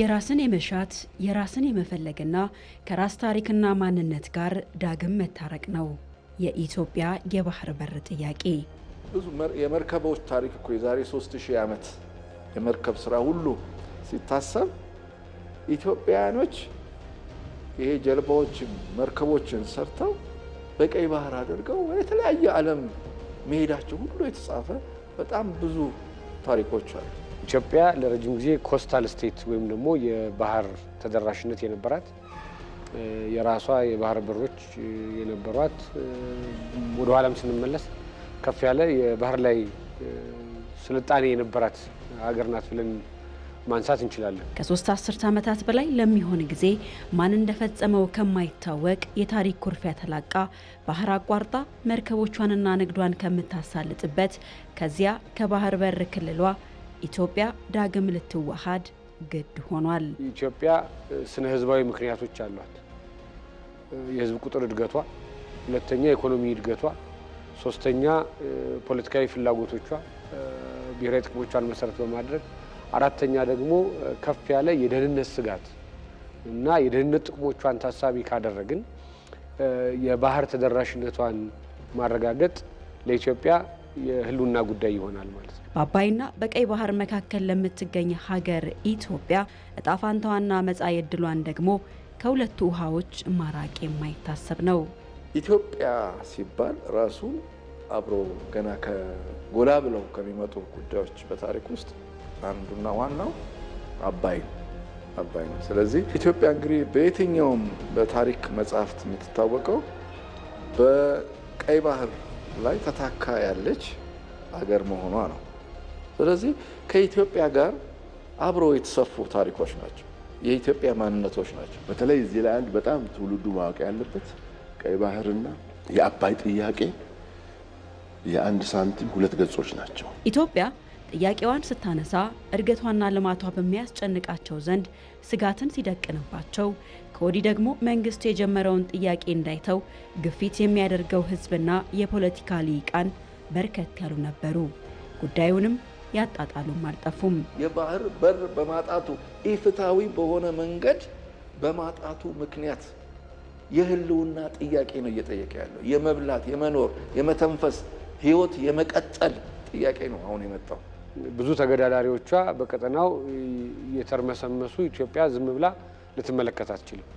የራስን የመሻት የራስን የመፈለግና ከራስ ታሪክና ማንነት ጋር ዳግም መታረቅ ነው የኢትዮጵያ የባህር በር ጥያቄ። ብዙ የመርከቦች ታሪክ እኮ የዛሬ 3000 ዓመት የመርከብ ስራ ሁሉ ሲታሰብ ኢትዮጵያውያኖች ይሄ ጀልባዎችን መርከቦችን ሰርተው በቀይ ባህር አድርገው የተለያየ ዓለም መሄዳቸው ሁሉ የተጻፈ በጣም ብዙ ታሪኮች አሉ። ኢትዮጵያ ለረጅም ጊዜ ኮስታል ስቴት ወይም ደግሞ የባህር ተደራሽነት የነበራት የራሷ የባህር በሮች የነበሯት ወደ ኋላም ስንመለስ ከፍ ያለ የባህር ላይ ስልጣኔ የነበራት ሀገር ናት ብለን ማንሳት እንችላለን። ከሶስት አስርት ዓመታት በላይ ለሚሆን ጊዜ ማን እንደፈጸመው ከማይታወቅ የታሪክ ኩርፊያ ተላቃ ባህር አቋርጣ መርከቦቿንና ንግዷን ከምታሳልጥበት ከዚያ ከባህር በር ክልሏ ኢትዮጵያ ዳግም ልትዋሃድ ግድ ሆኗል። ኢትዮጵያ ስነ ህዝባዊ ምክንያቶች አሏት። የህዝብ ቁጥር እድገቷ፣ ሁለተኛ የኢኮኖሚ እድገቷ፣ ሶስተኛ ፖለቲካዊ ፍላጎቶቿ ብሔራዊ ጥቅሞቿን መሰረት በማድረግ አራተኛ ደግሞ ከፍ ያለ የደህንነት ስጋት እና የደህንነት ጥቅሞቿን ታሳቢ ካደረግን የባህር ተደራሽነቷን ማረጋገጥ ለኢትዮጵያ የህልውና ጉዳይ ይሆናል ማለት ነው። በአባይና በቀይ ባህር መካከል ለምትገኝ ሀገር ኢትዮጵያ እጣፋንታዋና ፋንታዋና መጻኢ ዕድሏን ደግሞ ከሁለቱ ውሃዎች ማራቅ የማይታሰብ ነው። ኢትዮጵያ ሲባል ራሱ አብሮ ገና ከጎላ ብለው ከሚመጡ ጉዳዮች በታሪክ ውስጥ አንዱና ዋናው አባይ አባይ ነው። ስለዚህ ኢትዮጵያ እንግዲህ በየትኛውም በታሪክ መጽሐፍት የምትታወቀው በቀይ ባህር ላይ ተታካ ያለች ሀገር መሆኗ ነው። ስለዚህ ከኢትዮጵያ ጋር አብረው የተሰፉ ታሪኮች ናቸው፣ የኢትዮጵያ ማንነቶች ናቸው። በተለይ እዚህ ላይ አንድ በጣም ትውልዱ ማወቅ ያለበት ቀይ ባህርና የአባይ ጥያቄ የአንድ ሳንቲም ሁለት ገጾች ናቸው። ኢትዮጵያ ጥያቄዋን ስታነሳ እድገቷና ልማቷ በሚያስጨንቃቸው ዘንድ ስጋትን ሲደቅንባቸው፣ ከወዲህ ደግሞ መንግስቱ የጀመረውን ጥያቄ እንዳይተው ግፊት የሚያደርገው ህዝብና የፖለቲካ ሊቃን በርከት ያሉ ነበሩ። ጉዳዩንም ያጣጣሉም አልጠፉም። የባህር በር በማጣቱ ኢፍትሐዊ በሆነ መንገድ በማጣቱ ምክንያት የህልውና ጥያቄ ነው እየጠየቀ ያለው የመብላት፣ የመኖር፣ የመተንፈስ ህይወት የመቀጠል ጥያቄ ነው አሁን የመጣው። ብዙ ተገዳዳሪዎቿ በቀጠናው የተርመሰመሱ ኢትዮጵያ ዝም ብላ ልትመለከት አትችልም።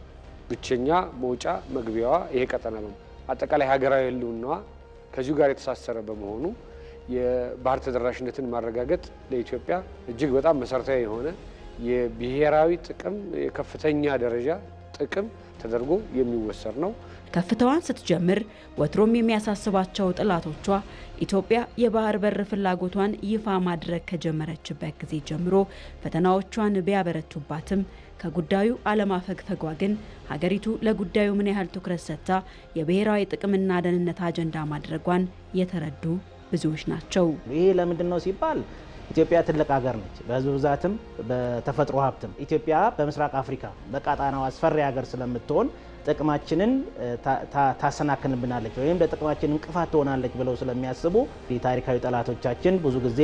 ብቸኛ መውጫ መግቢያዋ ይሄ ቀጠና ነው። አጠቃላይ ሀገራዊ ሕልውናዋ ከዚሁ ጋር የተሳሰረ በመሆኑ የባህር ተደራሽነትን ማረጋገጥ ለኢትዮጵያ እጅግ በጣም መሰረታዊ የሆነ የብሔራዊ ጥቅም የከፍተኛ ደረጃ ጥቅም ተደርጎ የሚወሰድ ነው። ከፍታዋን ስትጀምር ወትሮም የሚያሳስባቸው ጥላቶቿ ኢትዮጵያ የባህር በር ፍላጎቷን ይፋ ማድረግ ከጀመረችበት ጊዜ ጀምሮ ፈተናዎቿን ቢያበረቱባትም ከጉዳዩ አለማፈግፈጓ ግን ሀገሪቱ ለጉዳዩ ምን ያህል ትኩረት ሰጥታ የብሔራዊ ጥቅምና ደህንነት አጀንዳ ማድረጓን የተረዱ ብዙዎች ናቸው። ይህ ለምንድን ነው ሲባል ኢትዮጵያ ትልቅ ሀገር ነች፣ በህዝብ ብዛትም በተፈጥሮ ሀብትም። ኢትዮጵያ በምስራቅ አፍሪካ በቀጣናው አስፈሪ ሀገር ስለምትሆን ጥቅማችንን ታሰናክንብናለች ወይም ለጥቅማችን እንቅፋት ትሆናለች ብለው ስለሚያስቡ የታሪካዊ ጠላቶቻችን ብዙ ጊዜ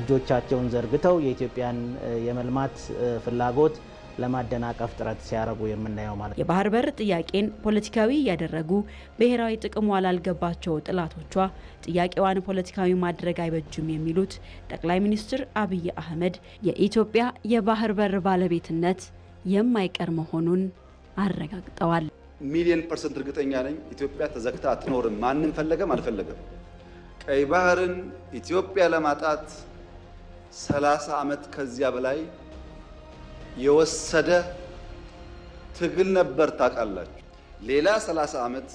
እጆቻቸውን ዘርግተው የኢትዮጵያን የመልማት ፍላጎት ለማደናቀፍ ጥረት ሲያደርጉ የምናየው ማለት ነው። የባህር በር ጥያቄን ፖለቲካዊ እያደረጉ ብሔራዊ ጥቅሟ ላልገባቸው ጥላቶቿ ጥያቄዋን ፖለቲካዊ ማድረግ አይበጁም የሚሉት ጠቅላይ ሚኒስትር አብይ አህመድ የኢትዮጵያ የባህር በር ባለቤትነት የማይቀር መሆኑን አረጋግጠዋል። ሚሊዮን ፐርሰንት እርግጠኛ ነኝ ኢትዮጵያ ተዘግታ አትኖርም። ማንም ፈለገም አልፈለገም ቀይ ባህርን ኢትዮጵያ ለማጣት 30 ዓመት ከዚያ በላይ የወሰደ ትግል ነበር። ታውቃላችሁ ሌላ 30 ዓመት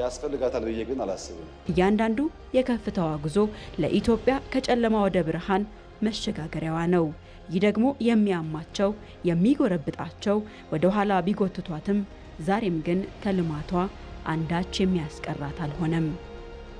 ያስፈልጋታል ብዬ ግን አላስብም። እያንዳንዱ የከፍታዋ ጉዞ ለኢትዮጵያ ከጨለማ ወደ ብርሃን መሸጋገሪያዋ ነው። ይህ ደግሞ የሚያማቸው የሚጎረብጣቸው፣ ወደ ኋላ ቢጎትቷትም ዛሬም ግን ከልማቷ አንዳች የሚያስቀራት አልሆነም።